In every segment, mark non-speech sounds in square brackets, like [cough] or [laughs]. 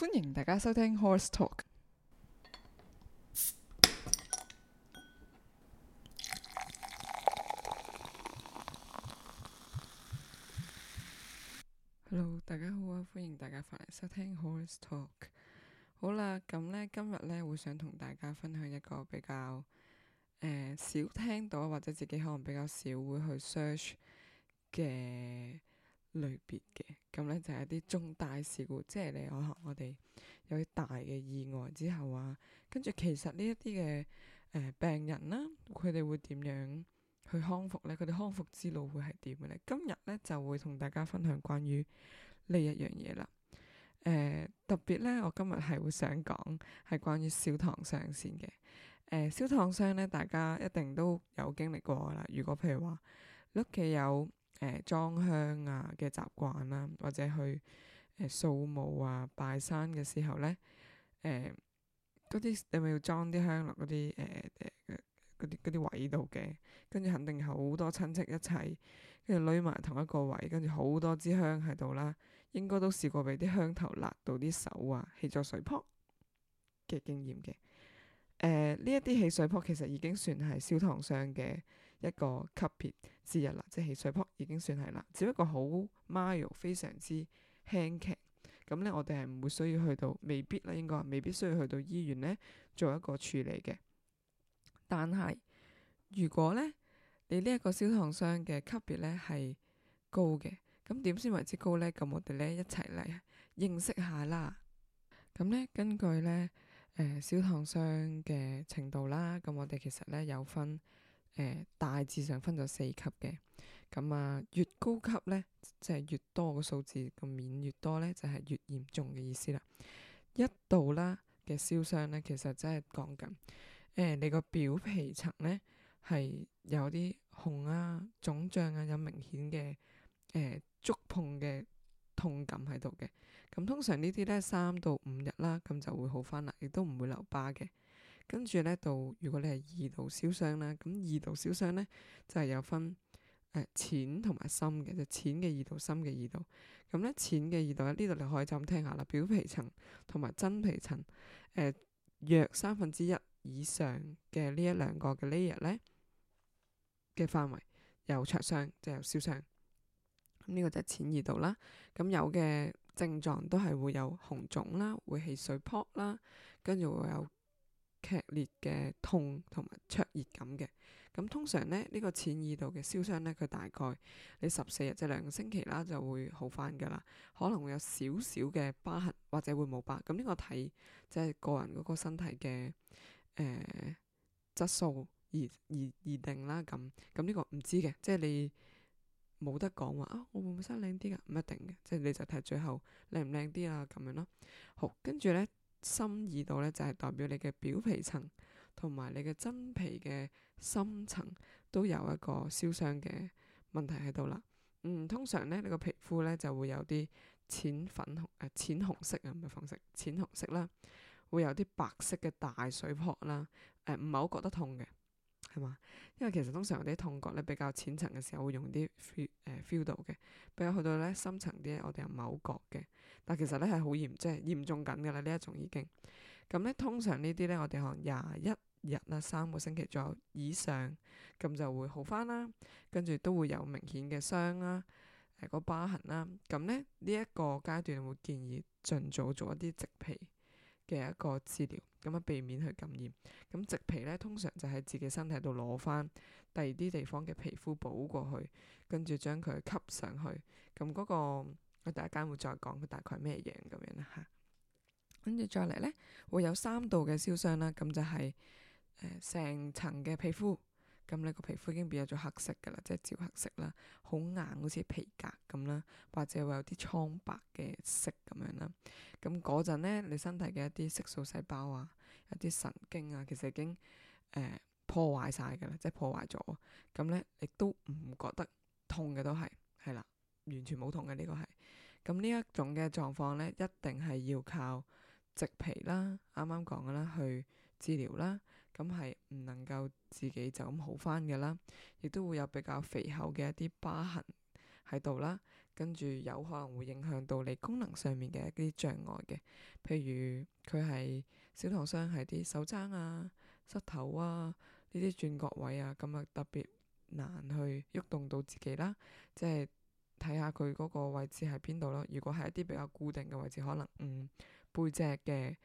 歡迎大家收聽《Horse Talk》。Hello，大家好啊！歡迎大家返嚟收聽《Horse Talk》。好啦，咁咧今日咧會想同大家分享一個比較誒少聽到或者自己可能比較少會去 search 嘅。類別嘅，咁咧就係一啲重大事故，即係你我我哋有啲大嘅意外之後啊，跟住其實呢一啲嘅誒病人啦、啊，佢哋會點樣去康復咧？佢哋康復之路會係點嘅咧？今日咧就會同大家分享關於呢一樣嘢啦。誒、呃，特別咧，我今日係會想講係關於燒燙傷先嘅。誒、呃，燒燙傷咧，大家一定都有經歷過噶啦。如果譬如話屋企有。誒、呃，裝香啊嘅習慣啦，或者去誒掃、呃、墓啊拜山嘅時候咧，誒嗰啲係咪要裝啲香落嗰啲誒誒啲啲位度嘅？跟住肯定好多親戚一齊，跟住壘埋同一個位，跟住好多支香喺度啦。應該都試過俾啲香頭辣到啲手啊，起咗水泡嘅經驗嘅。誒、呃，呢一啲起水泡其實已經算係燒燙傷嘅。一個級別之一啦，即係起水泡已經算係啦，只不過好 mild，非常之輕強。咁咧，我哋係唔會需要去到，未必啦，應該未必需要去到醫院咧做一個處理嘅。但係如果咧，你呢，呢，呢一個燒燙傷嘅級別咧係高嘅，咁點先為之高咧？咁我哋咧一齊嚟認識下啦。咁咧根據咧誒燒燙傷嘅程度啦，咁我哋其實咧有分。誒、呃，大致上分咗四級嘅，咁、嗯、啊，越高級咧，即係越多個數字個面越多咧，就係越嚴重嘅意思啦。一度啦嘅燒傷咧，其實真係講緊，誒、呃，你個表皮層咧係有啲紅啊、腫脹啊、有明顯嘅誒觸碰嘅痛感喺度嘅。咁、嗯、通常呢啲咧三到五日啦，咁就會好返啦，亦都唔會留疤嘅。跟住咧到如果你係二度燒傷啦，咁二度燒傷咧就係、是、有分誒、呃、淺同埋深嘅，就淺嘅二度、深嘅二度。咁、嗯、咧淺嘅二度咧，呢度你可以就咁聽下啦。表皮層同埋真皮層誒、呃、約三分之一以上嘅呢一兩個嘅 layer 咧嘅範圍有灼傷就係燒傷，咁、嗯、呢、這個就係淺二度啦。咁、嗯、有嘅症狀都係會有紅腫啦，會起水泡啦，跟住會有。劇烈嘅痛同埋灼熱感嘅，咁通常咧呢個淺二度嘅燒傷咧，佢大概你十四日即係兩個星期啦，就會好翻噶啦，可能會有少少嘅疤痕或者會冇疤，咁呢個睇即係個人嗰個身體嘅誒質素而而而定啦，咁咁呢個唔知嘅，即係你冇得講話啊，我會唔會生靚啲噶？唔一定嘅，即係你就睇最後靚唔靚啲啊，咁樣咯。好，跟住咧。深二度咧就係代表你嘅表皮層同埋你嘅真皮嘅深層都有一個燒傷嘅問題喺度啦。嗯，通常咧你個皮膚咧就會有啲淺粉紅誒淺、呃、紅色啊，唔係粉色淺紅色啦，會有啲白色嘅大水泡啦，誒唔係好覺得痛嘅。係嘛？因為其實通常我哋痛覺咧比較淺層嘅時候會用啲 feel 誒、呃、feel 到嘅，比較去到咧深層啲，我哋又唔係好覺嘅。但其實咧係好嚴，即係嚴重緊噶啦呢一種已經。咁咧通常呢啲咧我哋可能廿一日啦，三個星期左右以上，咁就會好返啦。跟住都會有明顯嘅傷啦，誒、呃那個疤痕啦。咁咧呢一、這個階段會建議盡早做一啲植皮嘅一個治療，咁啊避免去感染。咁植皮咧，通常就喺自己身體度攞翻第二啲地方嘅皮膚補過去，跟住將佢吸上去。咁嗰個我第一間會再講佢大概係咩樣咁樣啦吓。跟住再嚟咧會有三度嘅燒傷啦，咁就係誒成層嘅皮膚。咁你個皮膚已經變咗黑色嘅啦，即係焦黑色啦，好硬好似皮革咁啦，或者會有啲蒼白嘅色咁樣啦。咁嗰陣咧，你身體嘅一啲色素細胞啊，一啲神經啊，其實已經誒、呃、破壞晒嘅啦，即係破壞咗。咁咧亦都唔覺得痛嘅都係，係啦，完全冇痛嘅呢、呢個係。咁呢一種嘅狀況咧，一定係要靠植皮啦，啱啱講嘅啦，去治療啦。咁係唔能夠自己就咁好翻嘅啦，亦都會有比較肥厚嘅一啲疤痕喺度啦，跟住有可能會影響到你功能上面嘅一啲障礙嘅，譬如佢係燒燙傷係啲手踭啊、膝頭啊呢啲轉角位啊，咁啊特別難去喐動到自己啦，即係睇下佢嗰個位置喺邊度咯。如果係一啲比較固定嘅位置，可能嗯背脊嘅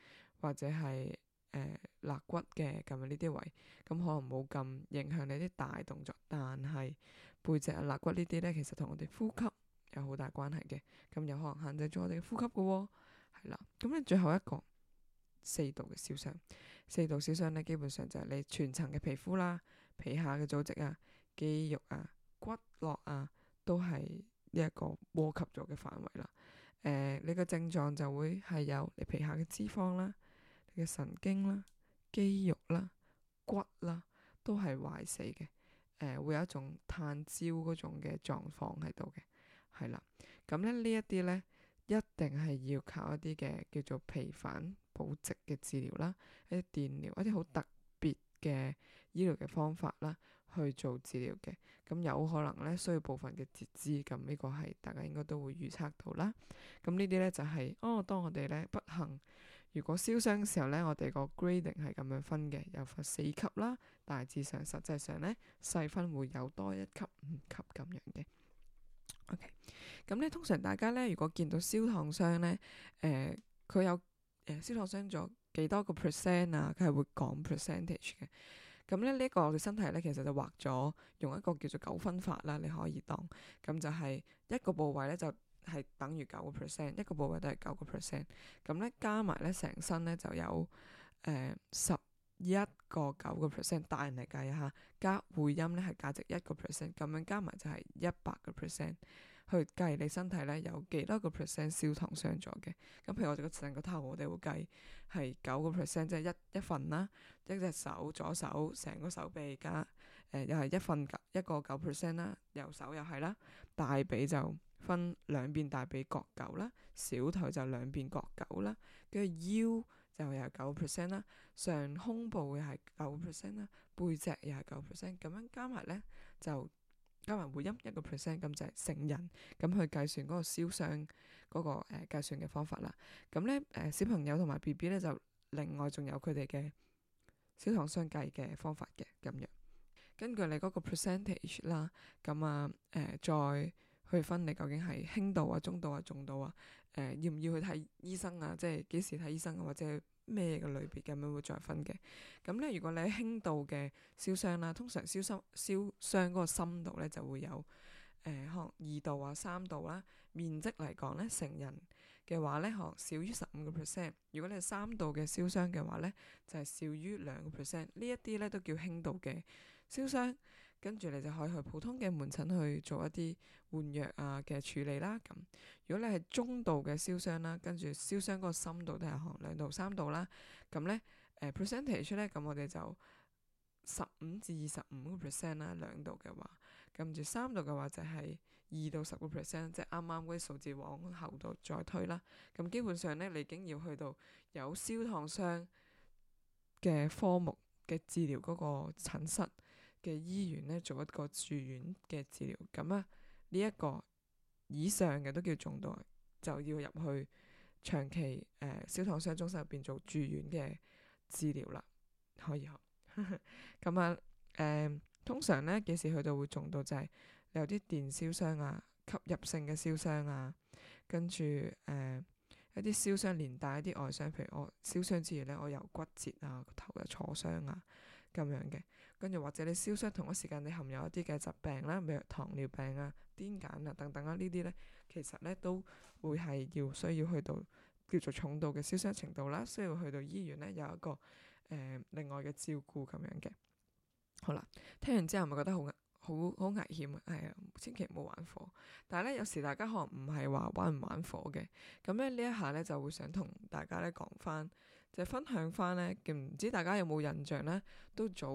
或者係。誒、呃，肋骨嘅咁嘅呢啲位，咁可能冇咁影響你啲大動作，但係背脊啊、肋骨呢啲咧，其實同我哋呼吸有好大關係嘅，咁有可能限制咗我哋嘅呼吸㗎喎、哦，係啦。咁咧最後一個四度嘅燒傷，四度燒傷咧，基本上就係你全層嘅皮膚啦、皮下嘅組織啊、肌肉啊、骨骼啊，都係呢一個波及咗嘅範圍啦。誒、呃，你個症狀就會係有你皮下嘅脂肪啦。嘅神經啦、肌肉啦、骨啦，都係壞死嘅，誒、呃，會有一種炭焦嗰種嘅狀況喺度嘅，係啦，咁咧呢一啲咧，一定係要靠一啲嘅叫做皮瓣保值嘅治療啦，一啲電療，一啲好特別嘅醫療嘅方法啦，去做治療嘅，咁有可能咧需要部分嘅截肢，咁呢個係大家應該都會預測到啦，咁呢啲咧就係、是，哦，當我哋咧不幸，如果燒傷嘅時候咧，我哋個 grading 係咁樣分嘅，有分四級啦，大致上，實際上、實際上咧，細分會有多一級、五級咁樣嘅。OK，咁、嗯、咧通常大家咧，如果見到燒燙傷咧，誒、呃，佢有誒燒燙傷咗幾多個 percent 啊，佢係會講 percentage 嘅。咁咧呢一個我哋身體咧，其實就畫咗，用一個叫做九分法啦，你可以當，咁、嗯、就係、是、一個部位咧就。係等於九個 percent，一個部位都係九個 percent，咁咧加埋咧成身咧就有誒十一個九個 percent，大人嚟計下，加會陰咧係價值一個 percent，咁樣加埋就係一百個 percent 去計你身體咧有幾多個 percent 燒燙傷咗嘅。咁譬如我哋個成個頭我，我哋會計係九個 percent，即係一一份啦，一隻手左手成個手臂加誒、呃、又係一份一個九 percent 啦，右手又係啦，大髀就。分兩邊大髀各九啦，小腿就兩邊各九啦，跟住腰就又係九 percent 啦，上胸部又係九 percent 啦，背脊又係九 percent，咁樣加埋咧就加埋回音一個 percent 咁就係成人咁去計算嗰個燒傷嗰個誒計算嘅方法啦。咁咧誒小朋友同埋 B B 咧就另外仲有佢哋嘅燒燙傷計嘅方法嘅咁樣，根據你嗰個 percentage 啦，咁啊誒、呃、再。去分你究竟係輕度啊、中度啊、重度啊？誒、呃，要唔要去睇醫生啊？即係幾時睇醫生啊？或者咩嘅類別咁樣會再分嘅。咁咧，如果你係輕度嘅燒傷啦，通常燒心燒傷嗰個深度咧就會有誒，可能二度啊、三度啦。面積嚟講咧，成人嘅話咧，可能少於十五個 percent。如果你係三度嘅燒傷嘅話咧，就係、是、少於兩個 percent。呢一啲咧都叫輕度嘅燒傷。跟住你就可以去普通嘅門診去做一啲換藥啊嘅處理啦。咁如果你係中度嘅燒傷啦，跟住燒傷嗰個深度都係係兩度三度啦。咁咧誒 percentage 咧，咁、呃呃、我哋就十五至二十五個 percent 啦。兩度嘅話，跟住三度嘅話就係二到十個 percent，即係啱啱嗰啲數字往後度再推啦。咁基本上咧，你已經要去到有燒燙傷嘅科目嘅治療嗰個診室嘅醫院咧做一個住院嘅治療，咁啊呢一、這個以上嘅都叫重度，就要入去長期誒燒燙傷中心入邊做住院嘅治療啦，可以呵。咁 [laughs] 啊誒、嗯，通常咧幾時去到會重度就係、是、有啲電燒傷啊、吸入性嘅燒傷啊，跟住誒、呃、一啲燒傷連帶一啲外傷，譬如我燒傷之餘咧，我有骨折啊、頭有挫傷啊咁樣嘅。跟住或者你燒傷同一時間你含有一啲嘅疾病啦，譬如糖尿病啊、癲癇啊等等啊，呢啲咧其實咧都會係要需要去到叫做重度嘅燒傷程度啦，需要去到醫院咧有一個誒、呃、另外嘅照顧咁樣嘅。好啦，聽完之後係咪覺得好好好危險？係啊，哎、千祈唔好玩火。但係咧有時大家可能唔係話玩唔玩火嘅，咁咧呢一下咧就會想同大家咧講翻。就分享翻咧，唔知大家有冇印象咧？都早，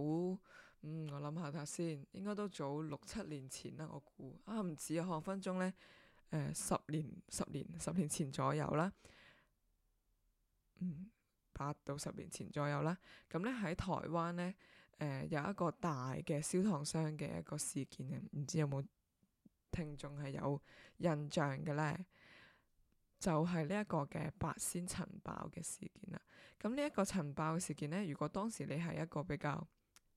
嗯，我諗下睇下先，應該都早六七年前啦，我估啊，唔止啊，分鐘咧，誒、呃，十年、十年、十年前左右啦，嗯，八到十年前左右啦。咁咧喺台灣咧，誒、呃，有一個大嘅燒燙傷嘅一個事件啊，唔知有冇聽眾係有印象嘅咧？就係呢一個嘅八仙塵爆嘅事件啦。咁呢一個塵爆嘅事件咧，如果當時你係一個比較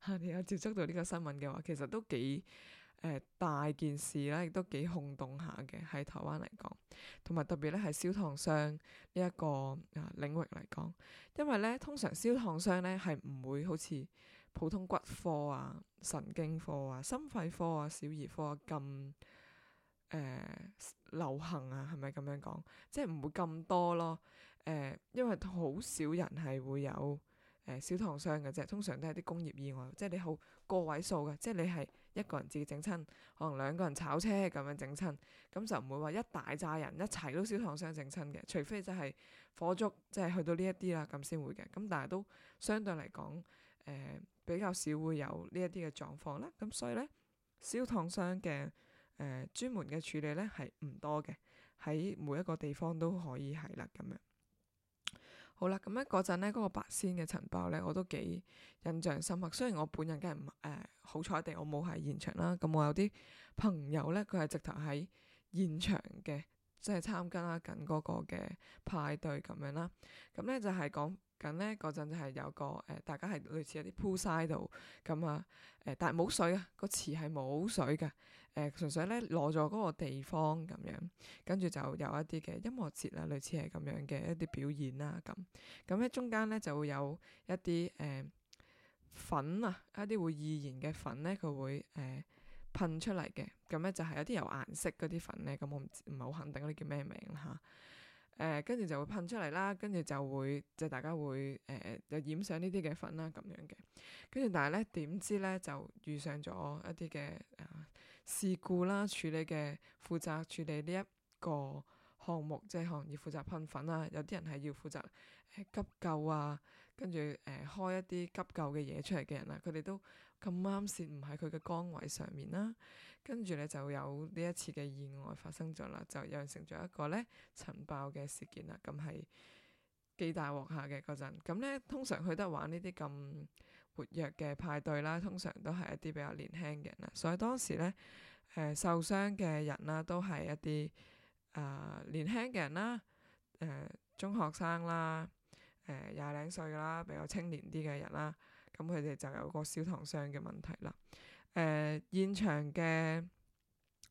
嚇、啊，你有接觸到呢個新聞嘅話，其實都幾誒、呃、大件事啦，亦都幾轟動下嘅，喺台灣嚟講。同埋特別咧，係燒燙傷呢一個啊領域嚟講，因為咧通常燒燙傷咧係唔會好似普通骨科啊、神經科啊、心肺科啊、小兒科啊咁。誒、呃、流行啊，係咪咁樣講？即係唔會咁多咯。誒、呃，因為好少人係會有誒燒燙傷嘅啫。通常都係啲工業意外，即係你好個位數嘅。即係你係一個人自己整親，可能兩個人炒車咁樣整親，咁就唔會話一大揸人一齊都燒燙傷整親嘅。除非就係火燭，即、就、係、是、去到呢一啲啦，咁先會嘅。咁但係都相對嚟講，誒、呃、比較少會有呢一啲嘅狀況啦。咁所以咧，燒燙傷嘅。誒，專、呃、門嘅處理咧係唔多嘅，喺每一個地方都可以係啦咁樣。好啦，咁咧嗰陣咧嗰個八仙嘅塵爆咧，我都幾印象深刻。雖然我本人梗係唔誒，好、呃、彩地我冇喺現場啦，咁、嗯、我有啲朋友咧，佢係直頭喺現場嘅，即係參加緊嗰個嘅派對咁樣啦。咁、嗯、咧、嗯、就係講緊咧嗰陣就係有個誒、呃，大家係類似有啲 poolside 咁啊，誒、呃，但係冇水啊，個池係冇水嘅。誒、呃，純粹咧攞咗嗰個地方咁樣，跟住就有一啲嘅音樂節啦，類似係咁樣嘅一啲表演啦咁。咁喺中間咧就會有一啲誒、嗯、粉啊，一啲會易燃嘅粉咧，佢會誒、嗯、噴出嚟嘅。咁咧就係有啲有顏色嗰啲粉咧，咁我唔唔係好肯定嗰啲叫咩名嚇。誒，跟住就會噴出嚟啦，跟住就會即大家會誒就、嗯、染上呢啲嘅粉啦咁樣嘅。跟住但係咧點知咧就遇上咗一啲嘅，啊啊啊啊嗯嗯事故啦，處理嘅負責處理呢一個項目，即係行業負責噴粉啊，有啲人係要負責、欸、急救啊，跟住誒開一啲急救嘅嘢出嚟嘅人啦、啊，佢哋都咁啱先唔喺佢嘅崗位上面啦、啊，跟住咧就有呢一次嘅意外發生咗啦，就釀成咗一個咧塵爆嘅事件啦，咁、嗯、係幾大鑊下嘅嗰陣，咁咧、嗯、通常佢都係玩呢啲咁。活躍嘅派對啦，通常都係一啲比較年輕嘅人啦，所以當時咧誒、呃、受傷嘅人啦，都係一啲誒、呃、年輕嘅人啦，誒、呃、中學生啦，誒廿零歲啦，比較青年啲嘅人啦，咁佢哋就有個燒燙傷嘅問題啦。誒、呃、現場嘅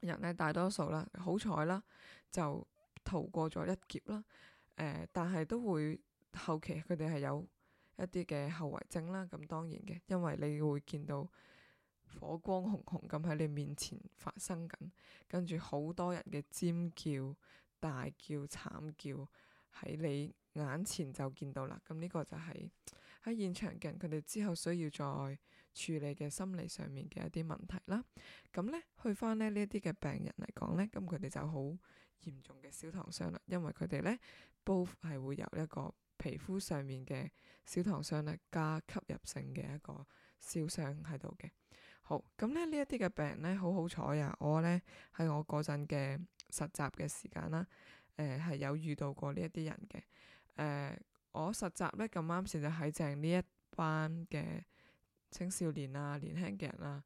人咧大多數啦，好彩啦就逃過咗一劫啦。誒、呃、但係都會後期佢哋係有一啲嘅後遺症啦，咁當然嘅，因為你會見到火光紅紅咁喺你面前發生緊，跟住好多人嘅尖叫、大叫、慘叫喺你眼前就見到啦。咁呢個就係喺現場嘅人，佢哋之後需要再處理嘅心理上面嘅一啲問題啦。咁呢去翻呢呢一啲嘅病人嚟講呢，咁佢哋就好嚴重嘅燒燙傷啦，因為佢哋呢都係會有一個。皮膚上面嘅燒燙傷咧，加吸入性嘅一個燒傷喺度嘅。好咁咧，呢一啲嘅病人咧，好好彩啊！我咧喺我嗰陣嘅實習嘅時間啦，誒、呃、係有遇到過呢一啲人嘅。誒、呃、我實習咧咁啱時就喺正呢一班嘅青少年啊、年輕嘅人啦、啊，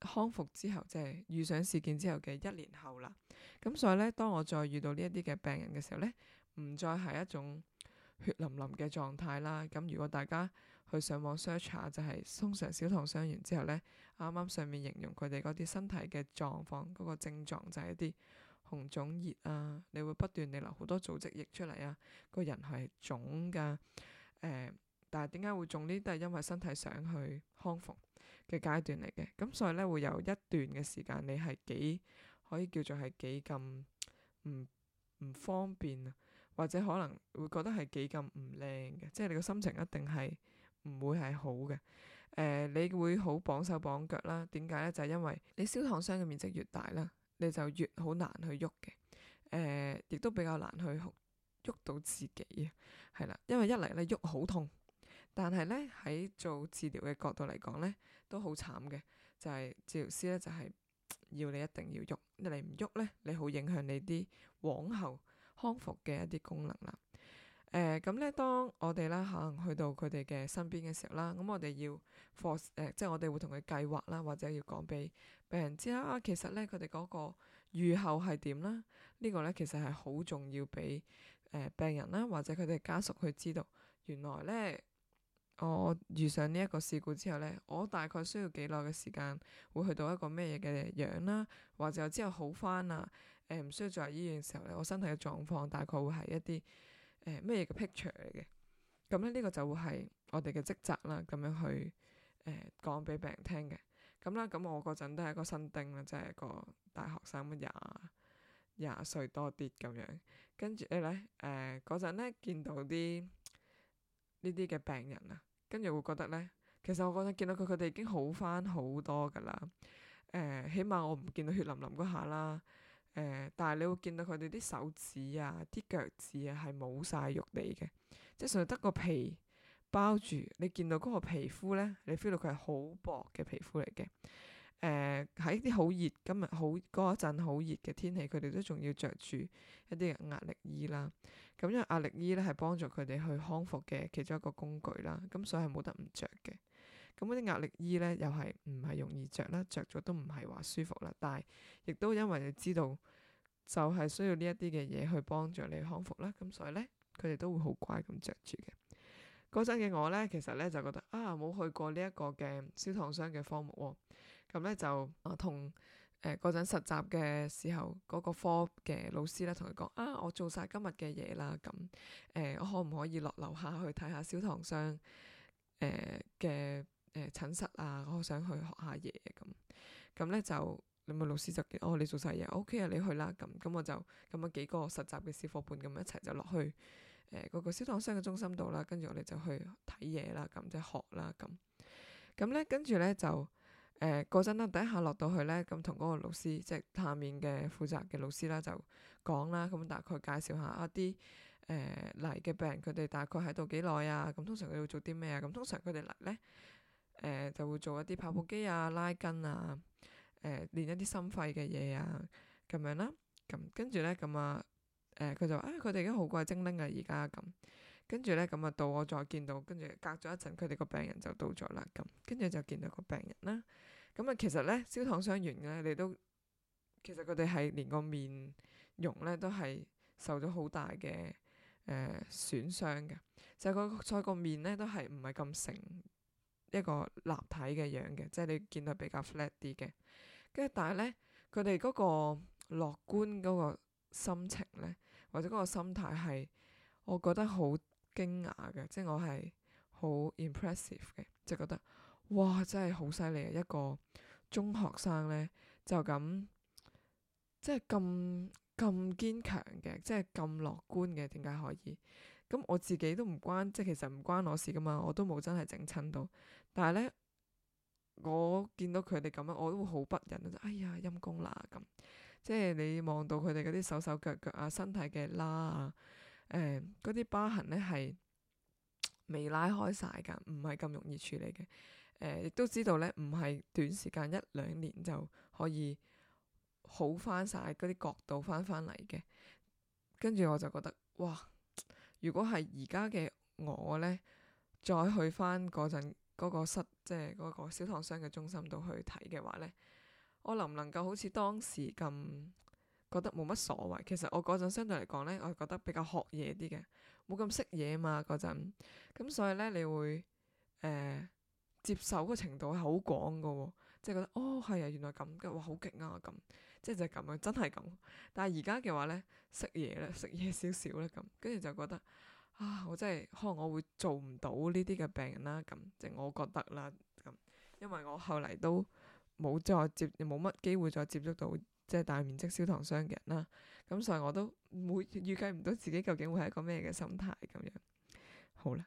康復之後即係遇上事件之後嘅一年後啦。咁所以咧，當我再遇到呢一啲嘅病人嘅時候咧，唔再係一種。血淋淋嘅狀態啦，咁如果大家去上網 search 下，就係通常燒燙傷完之後咧，啱啱上面形容佢哋嗰啲身體嘅狀況，嗰、那個症狀就係一啲紅腫熱啊，你會不斷地流好多組織液出嚟啊，個人係腫㗎，誒、呃，但係點解會腫呢？都係因為身體想去康復嘅階段嚟嘅，咁所以咧會有一段嘅時間你係幾可以叫做係幾咁唔唔方便啊。或者可能會覺得係幾咁唔靚嘅，即係你個心情一定係唔會係好嘅。誒，你會好綁手綁腳啦。點解咧？就係因為你燒燙傷嘅面積越大啦，你就越好難去喐嘅。誒，亦都比較難去喐到自己，係啦。因為一嚟咧喐好痛，但係咧喺做治療嘅角度嚟講咧，都好慘嘅。就係治療師咧就係要你一定要喐，你唔喐咧，你好影響你啲往後康復嘅一啲功能啦，誒、呃，咁咧，當我哋啦可能去到佢哋嘅身邊嘅時候啦，咁我哋要 f 誒、呃，即係我哋會同佢計劃啦，或者要講俾病人知啦、啊，其實咧佢哋嗰個預後係點啦，這個、呢個咧其實係好重要俾誒、呃、病人啦，或者佢哋家屬去知道，原來咧我遇上呢一個事故之後咧，我大概需要幾耐嘅時間會去到一個咩嘢嘅樣啦，或者之後好返啊。誒，唔、呃、需要再喺醫院嘅時候咧，我身體嘅狀況大概會係一啲誒咩嘢嘅 picture 嚟嘅。咁、呃、咧呢、這個就會係我哋嘅職責啦，咁樣去誒講俾病人聽嘅。咁啦，咁我嗰陣都係一個新丁啦，即係一個大學生廿廿歲多啲咁樣。跟住咧，誒嗰陣咧見到啲呢啲嘅病人啊，跟住會覺得咧，其實我嗰陣見到佢，佢哋已經好翻好多噶啦。誒、呃，起碼我唔見到血淋淋嗰下啦。誒、呃，但係你會見到佢哋啲手指啊、啲腳趾啊係冇晒肉嚟嘅，即係純粹得個皮包住。你見到嗰個皮膚咧，你 feel 到佢係好薄嘅皮膚嚟嘅。誒、呃，喺啲好熱今日好嗰一陣好熱嘅天氣，佢哋都仲要着住一啲嘅壓力衣啦。咁因為壓力衣咧係幫助佢哋去康復嘅其中一個工具啦，咁、嗯、所以係冇得唔着嘅。咁嗰啲壓力衣咧，又係唔係容易着啦，着咗都唔係話舒服啦，但係亦都因為你知道，就係需要呢一啲嘅嘢去幫助你康復啦。咁所以咧，佢哋都會好乖咁着住嘅。嗰陣嘅我咧，其實咧就覺得啊，冇去過呢一個嘅燒燙傷嘅科目喎、哦。咁咧就啊同誒嗰陣實習嘅時候嗰、那個科嘅老師咧，同佢講啊，我做晒今日嘅嘢啦，咁誒、呃、我可唔可以落樓下去睇下燒燙傷誒嘅？呃誒診室啊，我想去學下嘢咁咁咧，就你咪、那個、老師就哦，你做晒嘢，O K 啊，okay, 你去啦。咁咁我就咁啊幾個實習嘅、呃、小伙伴咁一齊就落去誒嗰個燒燙傷嘅中心度啦。跟住我哋就去睇嘢啦，咁即係學啦咁咁咧，跟住咧就誒嗰陣咧，第一下落到去咧，咁同嗰個老師即係下面嘅負責嘅老師啦，就講啦，咁大概介紹下一啲誒嚟嘅病人，佢哋大概喺度幾耐啊？咁通常佢要做啲咩啊？咁通常佢哋嚟咧。啊啊誒、呃、就會做一啲跑步機啊、拉筋啊、誒、呃、練一啲心肺嘅嘢啊，咁樣啦，咁跟住咧咁啊，誒佢就啊，佢哋已經好鬼精靈啊，而家咁，跟住咧咁啊到我再見到，跟住隔咗一陣佢哋個病人就到咗啦，咁跟住就見到個病人啦，咁、嗯、啊其實咧燒燙傷完咧，你都其實佢哋係連個面容咧都係受咗好大嘅誒損傷嘅，就係個再個面咧都係唔係咁成。一個立體嘅樣嘅，即係你見到比較 flat 啲嘅，跟住但係咧，佢哋嗰個樂觀嗰個心情咧，或者嗰個心態係，我覺得好驚訝嘅，即係我係好 impressive 嘅，就是覺得哇真係好犀利啊！一個中學生咧就咁，即係咁咁堅強嘅，即係咁樂觀嘅，點解可以？咁我自己都唔關，即係其實唔關我事噶嘛，我都冇真係整親到。但係咧，我見到佢哋咁樣，我都會好不忍，就哎呀陰公啦咁。即係你望到佢哋嗰啲手手腳腳啊、身體嘅拉啊、誒嗰啲疤痕咧係未拉開晒㗎，唔係咁容易處理嘅。誒亦都知道咧，唔係短時間一兩年就可以好翻晒，嗰啲角度翻翻嚟嘅。跟住我就覺得哇！如果係而家嘅我呢，再去翻嗰陣嗰個室，即係嗰個燒燙傷嘅中心度去睇嘅話呢，我能唔能夠好似當時咁覺得冇乜所謂？其實我嗰陣相對嚟講呢，我係覺得比較學嘢啲嘅，冇咁識嘢嘛嗰陣，咁所以呢，你會誒、呃、接受個程度係好廣嘅喎、哦，即係覺得哦係啊，原來咁，跟住哇好勁啊咁。即係就咁樣，真係咁。但係而家嘅話呢，食嘢咧，食嘢少少咧咁，跟住就覺得啊，我真係可能我會做唔到呢啲嘅病人啦咁，即係我覺得啦咁。因為我後嚟都冇再接，冇乜機會再接觸到即係大面積燒燙傷嘅人啦。咁所以我都唔會預計唔到自己究竟會係一個咩嘅心態咁樣。好啦，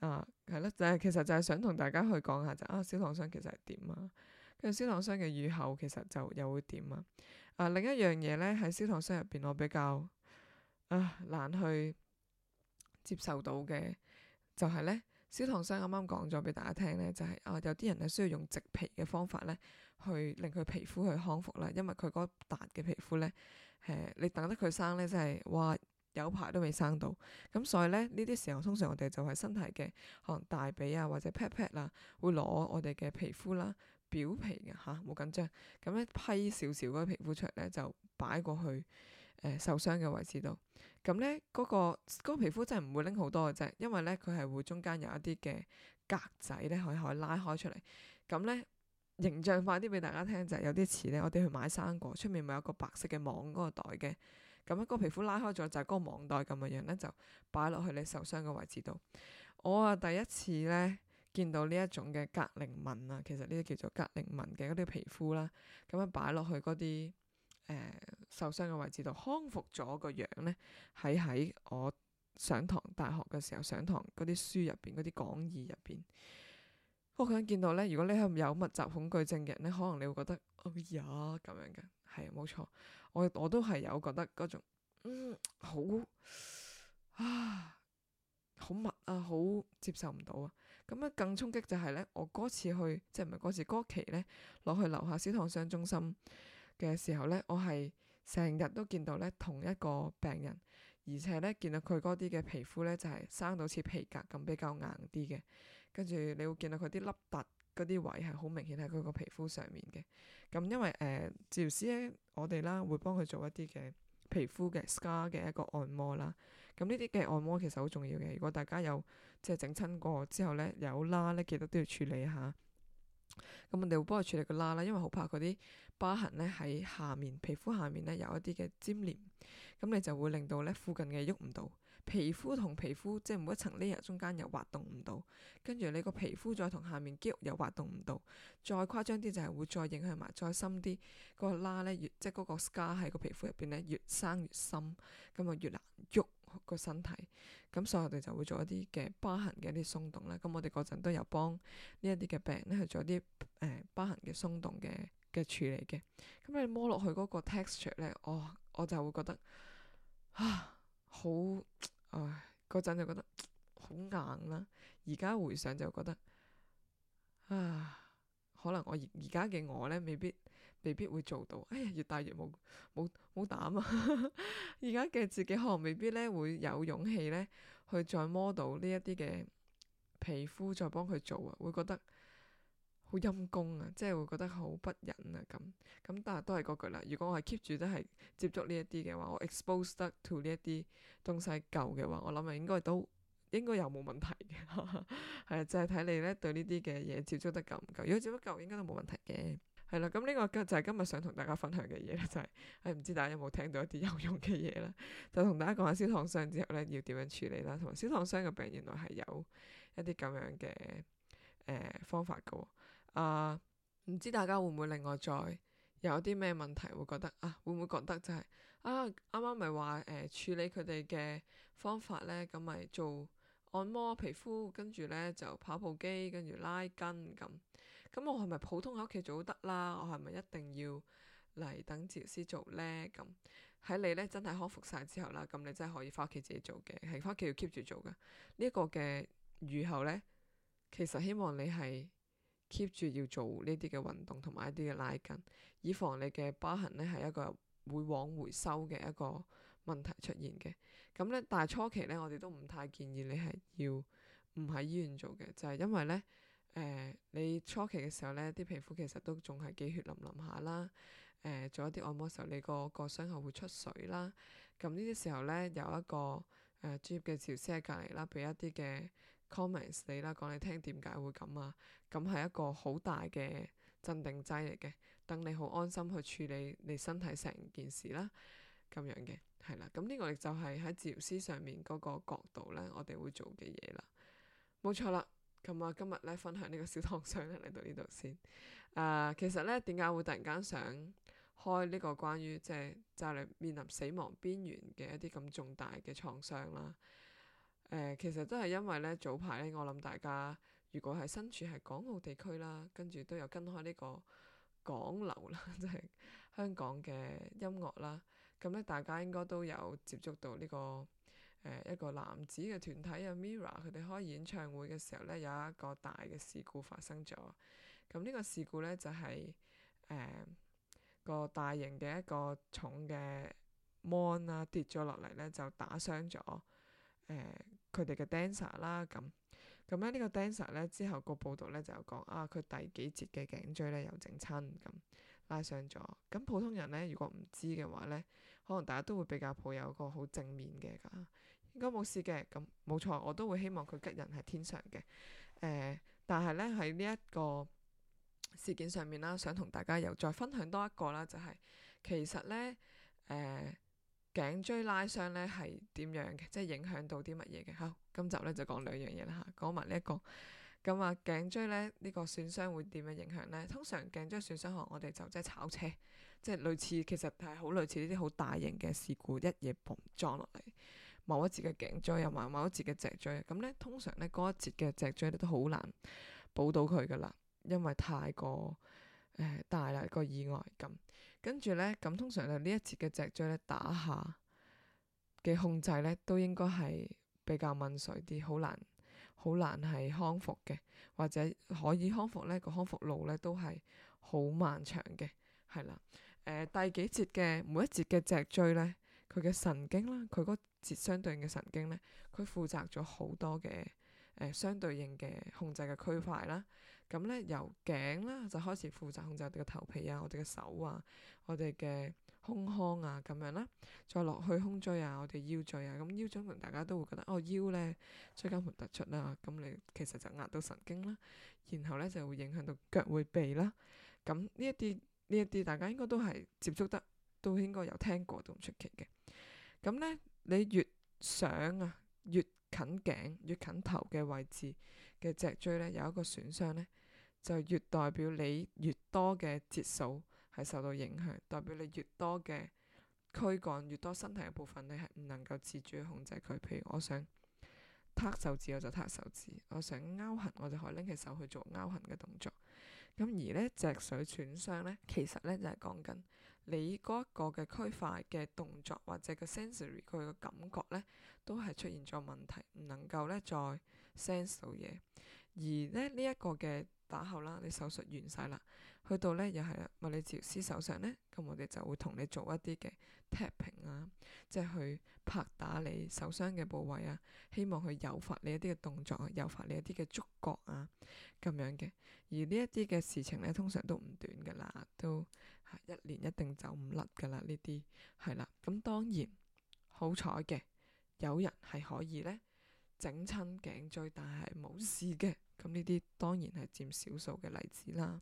啊，係啦，就係其實就係想同大家去講下就啊，燒燙傷其實係點啊？跟住燒燙傷嘅愈後，其實就又會點啊？啊、呃，另一樣嘢咧，喺燒燙傷入邊，我比較啊、呃、難去接受到嘅就係、是、咧，燒燙傷啱啱講咗俾大家聽咧，就係、是、啊、呃、有啲人係需要用植皮嘅方法咧，去令佢皮膚去康復啦，因為佢嗰笪嘅皮膚咧，誒、呃、你等得佢生咧，真係哇有排都未生到咁，所以咧呢啲時候通常我哋就係身體嘅可能大髀啊或者 pat pat 啦，會攞我哋嘅皮膚啦。表皮嘅吓，冇緊張，咁咧批少少嗰個皮膚出嚟咧，就擺過去誒受傷嘅位置度。咁咧嗰個嗰個皮膚真係唔會拎好多嘅啫，因為咧佢係會中間有一啲嘅格仔咧，可以可以拉開出嚟。咁咧形象化啲俾大家聽就係，有啲似咧我哋去買生果，出面咪有個白色嘅網嗰個袋嘅。咁啊，個皮膚拉開咗就係嗰個網袋咁嘅樣咧，就擺落去你受傷嘅位置度。我啊第一次咧。見到，呃、見到呢一種嘅隔靈紋啊，其實呢啲叫做隔靈紋嘅嗰啲皮膚啦，咁樣擺落去嗰啲誒受傷嘅位置度，康復咗個樣咧，喺喺我上堂大學嘅時候上堂嗰啲書入邊嗰啲講義入邊，我想見到咧，如果你係有密集恐懼症嘅人咧，可能你會覺得哎、哦、呀咁樣嘅，係冇錯，我我都係有覺得嗰種嗯好啊好密啊，好接受唔到啊～咁咧更衝擊就係咧，我嗰次去即係唔係嗰次嗰期咧，落去樓下小燙傷中心嘅時候咧，我係成日都見到咧同一個病人，而且咧見到佢嗰啲嘅皮膚咧就係、是、生到似皮革咁比較硬啲嘅，跟住你會見到佢啲凹凸嗰啲位係好明顯喺佢個皮膚上面嘅。咁因為誒、呃、治療師咧我哋啦會幫佢做一啲嘅皮膚嘅 scar 嘅一個按摩啦。咁呢啲嘅按摩其實好重要嘅，如果大家有。即係整親過之後呢，有疤呢，記得都要處理下。咁我哋會幫佢處理個疤啦，因為好怕嗰啲疤痕呢喺下面皮膚下面呢有一啲嘅粘連，咁你就會令到呢附近嘅喐唔到。皮膚同皮膚，即係每一層呢層中間又滑動唔到，跟住你個皮膚再同下面肌肉又滑動唔到，再誇張啲就係會再影響埋，再深啲嗰、那個疤咧，越即係嗰個 scar 喺個皮膚入邊咧越生越深，咁啊越難喐個身體。咁所以我哋就會做一啲嘅疤痕嘅一啲鬆動咧。咁我哋嗰陣都有幫呢一啲嘅病咧去做一啲誒疤痕嘅鬆動嘅嘅處理嘅。咁你摸落去嗰個 texture 咧，我我就會覺得啊好～唉，嗰陣就覺得好硬啦，啊，而家回想就覺得啊，可能我而而家嘅我咧未必未必會做到，哎呀，越大越冇冇冇膽啊！而家嘅自己可能未必咧會有勇氣咧去再摸到呢一啲嘅皮膚再幫佢做啊，會覺得。好陰功啊，即係會覺得好不忍啊，咁咁，但係都係嗰句啦。如果我係 keep 住都係接觸呢一啲嘅話，我 expose 得 to 呢一啲東西夠嘅話，我諗係應該都應該又冇問題嘅，係 [laughs] 啊，就係、是、睇你咧對呢啲嘅嘢接觸得夠唔夠。如果接觸夠，應該都冇問題嘅。係啦，咁呢個就係今日想同大家分享嘅嘢咧，就係、是、唉，唔、哎、知大家有冇聽到一啲有用嘅嘢啦，就同大家講下燒燙傷之後咧要點樣處理啦，同埋燒燙傷嘅病原來係有一啲咁樣嘅誒、呃、方法噶。啊，唔、uh, 知大家會唔會另外再有啲咩問題？會覺得啊，會唔會覺得就係、是、啊，啱啱咪話誒，處理佢哋嘅方法呢？咁咪做按摩皮膚，跟住呢就跑步機，跟住拉筋咁。咁我係咪普通喺屋企做都得啦？我係咪一定要嚟等治療師做呢？咁喺你呢真係康复晒之後啦，咁你真係可以翻屋企自己做嘅，喺翻屋企要 keep 住做嘅。呢、這、一個嘅預後呢，其實希望你係。keep 住要做呢啲嘅運動同埋一啲嘅拉筋，以防你嘅疤痕呢係一個會往回收嘅一個問題出現嘅。咁呢，但係初期呢，我哋都唔太建議你係要唔喺醫院做嘅，就係因為呢，誒、呃，你初期嘅時候呢啲皮膚其實都仲係幾血淋淋下啦，誒、呃，做一啲按摩時候，你個個傷口會出水啦。咁呢啲時候呢，有一個誒專業嘅治療師喺隔籬啦，俾一啲嘅。comments 你啦，講你聽點解會咁啊？咁係一個好大嘅鎮定劑嚟嘅，等你好安心去處理你身體成件事啦，咁樣嘅係啦。咁呢個就係喺治療師上面嗰個角度呢，我哋會做嘅嘢啦，冇錯啦。咁啊，今日呢，分享呢個小創傷，嚟到呢度先。誒、呃，其實呢，點解會突然間想開呢個關於即係就嚟、是、面臨死亡邊緣嘅一啲咁重大嘅創傷啦？誒其實都係因為咧，早排咧，我諗大家如果係身處係港澳地區啦，跟住都有跟開呢個港流啦，即 [laughs] 係香港嘅音樂啦。咁咧，大家應該都有接觸到呢、這個誒、呃、一個男子嘅團體啊，MIRROR 佢哋開演唱會嘅時候咧，有一個大嘅事故發生咗。咁呢個事故咧就係、是、誒、呃，那個大型嘅一個重嘅 mon 啊跌咗落嚟咧，就打傷咗。誒，佢哋嘅 dancer 啦，咁咁咧呢個 dancer 咧，之後個報道咧就有講啊，佢第幾節嘅頸椎咧又整親咁，拉傷咗。咁普通人咧如果唔知嘅話咧，可能大家都會比較抱有一個好正面嘅㗎，應該冇事嘅。咁冇錯，我都會希望佢吉人係天上嘅誒、呃，但係咧喺呢一個事件上面啦，想同大家又再分享多一個啦、就是，就係其實咧，誒、呃。頸椎拉傷咧係點樣嘅？即係影響到啲乜嘢嘅？嚇，今集咧就講兩樣嘢啦嚇，講埋呢一個咁啊、嗯，頸椎咧呢、呢個損傷會點樣影響咧？通常頸椎損傷學我哋就即係炒車，即係類似，其實係好類似呢啲好大型嘅事故，嗯、一夜撞落嚟某一節嘅頸椎又埋某一節嘅脊椎，咁、嗯、咧通常咧嗰一節嘅脊椎咧都好難補到佢噶啦，因為太過誒、呃、大啦，一個意外咁。跟住咧，咁通常就呢一節嘅脊椎咧打下嘅控制咧，都應該係比較敏碎啲，好難好難係康復嘅，或者可以康復咧，個康復路咧都係好漫長嘅，係啦，誒、呃、第幾節嘅每一節嘅脊椎咧，佢嘅神經啦，佢嗰節相對應嘅神經咧，佢負責咗好多嘅。誒、呃、相對應嘅控制嘅區塊啦，咁、啊、咧由頸啦就開始負責控制我哋嘅頭皮啊，我哋嘅手啊，我哋嘅胸腔啊咁樣啦，再落去胸椎啊，我哋腰椎啊，咁腰椎同大家都會覺得哦腰咧椎間盤突出啦，咁你其實就壓到神經啦，然後咧就會影響到腳會痹啦，咁呢一啲呢一啲大家應該都係接觸得，都應該有聽過都唔出奇嘅。咁咧你越想啊越近頸越近頭嘅位置嘅脊椎咧，有一個損傷咧，就越代表你越多嘅節數係受到影響，代表你越多嘅軀幹，越多身體嘅部分你係唔能夠自主去控制佢。譬如我想撻手指我就撻手指，我想勾痕我就可以拎起手去做勾痕嘅動作。咁而咧脊髓損傷咧，其實咧就係講緊。你嗰一個嘅區塊嘅動作或者個 sensory 佢嘅感覺咧，都係出現咗問題，唔能夠咧再 sense 到嘢。而咧呢一個嘅打後啦，你手術完晒啦，去到咧又係啦，物理治療師手上咧，咁我哋就會同你做一啲嘅 tapping 啊，即係去拍打你受傷嘅部位啊，希望去誘發你一啲嘅動作啊，誘發你一啲嘅觸覺啊，咁樣嘅。而呢一啲嘅事情咧，通常都唔短噶啦，都。一年一定走唔甩噶啦，呢啲係啦。咁當然好彩嘅，有人係可以呢整親頸椎，但係冇事嘅。咁呢啲當然係佔少數嘅例子啦。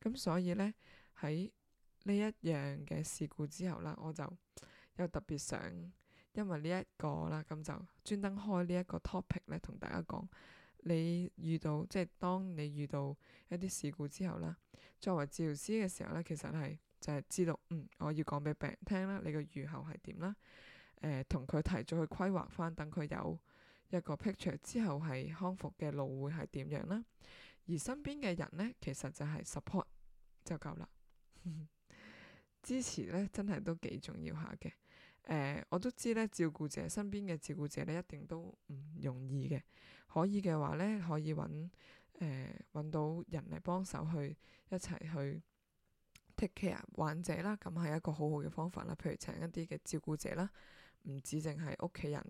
咁所以呢，喺呢一樣嘅事故之後呢，我就又特別想，因為呢一個啦，咁就專登開呢一個 topic 呢，同大家講。你遇到即係當你遇到一啲事故之後啦，作為治療師嘅時候咧，其實係就係知道，嗯，我要講俾病人聽啦，你嘅預後係點啦，誒、呃，同佢提早去規劃返，等佢有一個 picture 之後係康復嘅路會係點樣啦。而身邊嘅人咧，其實就係 support 就夠啦，支持咧真係都幾重要下嘅。誒、呃，我都知咧，照顧者身邊嘅照顧者咧，一定都唔容易嘅。可以嘅話咧，可以揾誒、呃、揾到人嚟幫手去一齊去 take care 患者啦。咁係一個好好嘅方法啦。譬如請一啲嘅照顧者啦，唔止淨係屋企人、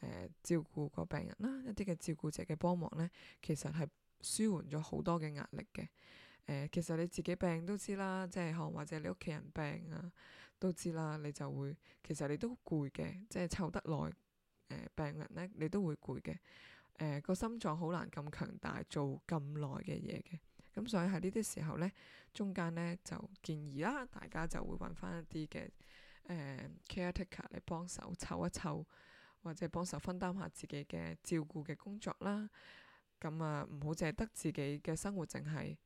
呃、照顧個病人啦。一啲嘅照顧者嘅幫忙咧，其實係舒緩咗好多嘅壓力嘅。誒、呃，其實你自己病都知啦，即係或或者你屋企人病啊都知啦，你就會其實你都攰嘅，即係湊得耐誒、呃、病人咧，你都會攰嘅。誒個、呃、心臟好難咁強大做咁耐嘅嘢嘅，咁、嗯、所以喺呢啲時候呢，中間呢就建議啦，大家就會揾翻一啲嘅、呃、caretaker 嚟幫手湊一湊，或者幫手分擔下自己嘅照顧嘅工作啦。咁、嗯、啊，唔好凈係得自己嘅生活淨係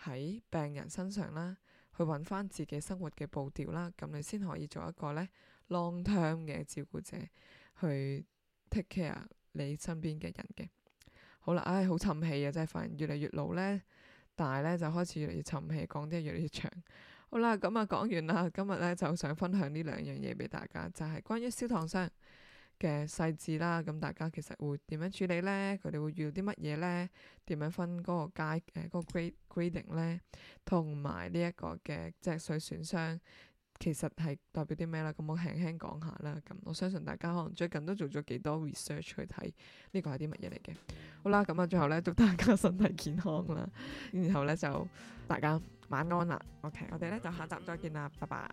喺病人身上啦，去揾翻自己生活嘅步調啦，咁、嗯、你先可以做一個呢 long term 嘅照顧者去 take care。你身邊嘅人嘅，好啦，唉，好沉氣啊，真係發現越嚟越老咧，但咧就開始越嚟越沉氣，講啲越嚟越長。好啦，咁啊講完啦，今日咧就想分享呢兩樣嘢俾大家，就係、是、關於燒燙傷嘅細節啦。咁、嗯、大家其實會點樣處理咧？佢哋會遇到啲乜嘢咧？點樣分嗰個階誒嗰個 grading 咧？同埋呢一個嘅脊髓損傷。其實係代表啲咩啦？咁我輕輕講下啦。咁我相信大家可能最近都做咗幾多 research 去睇呢個係啲乜嘢嚟嘅。好啦，咁啊，最後咧都祝大家身體健康啦。 [laughs] 然後咧就大家晚安啦。OK，我哋咧就下集再見啦，拜拜。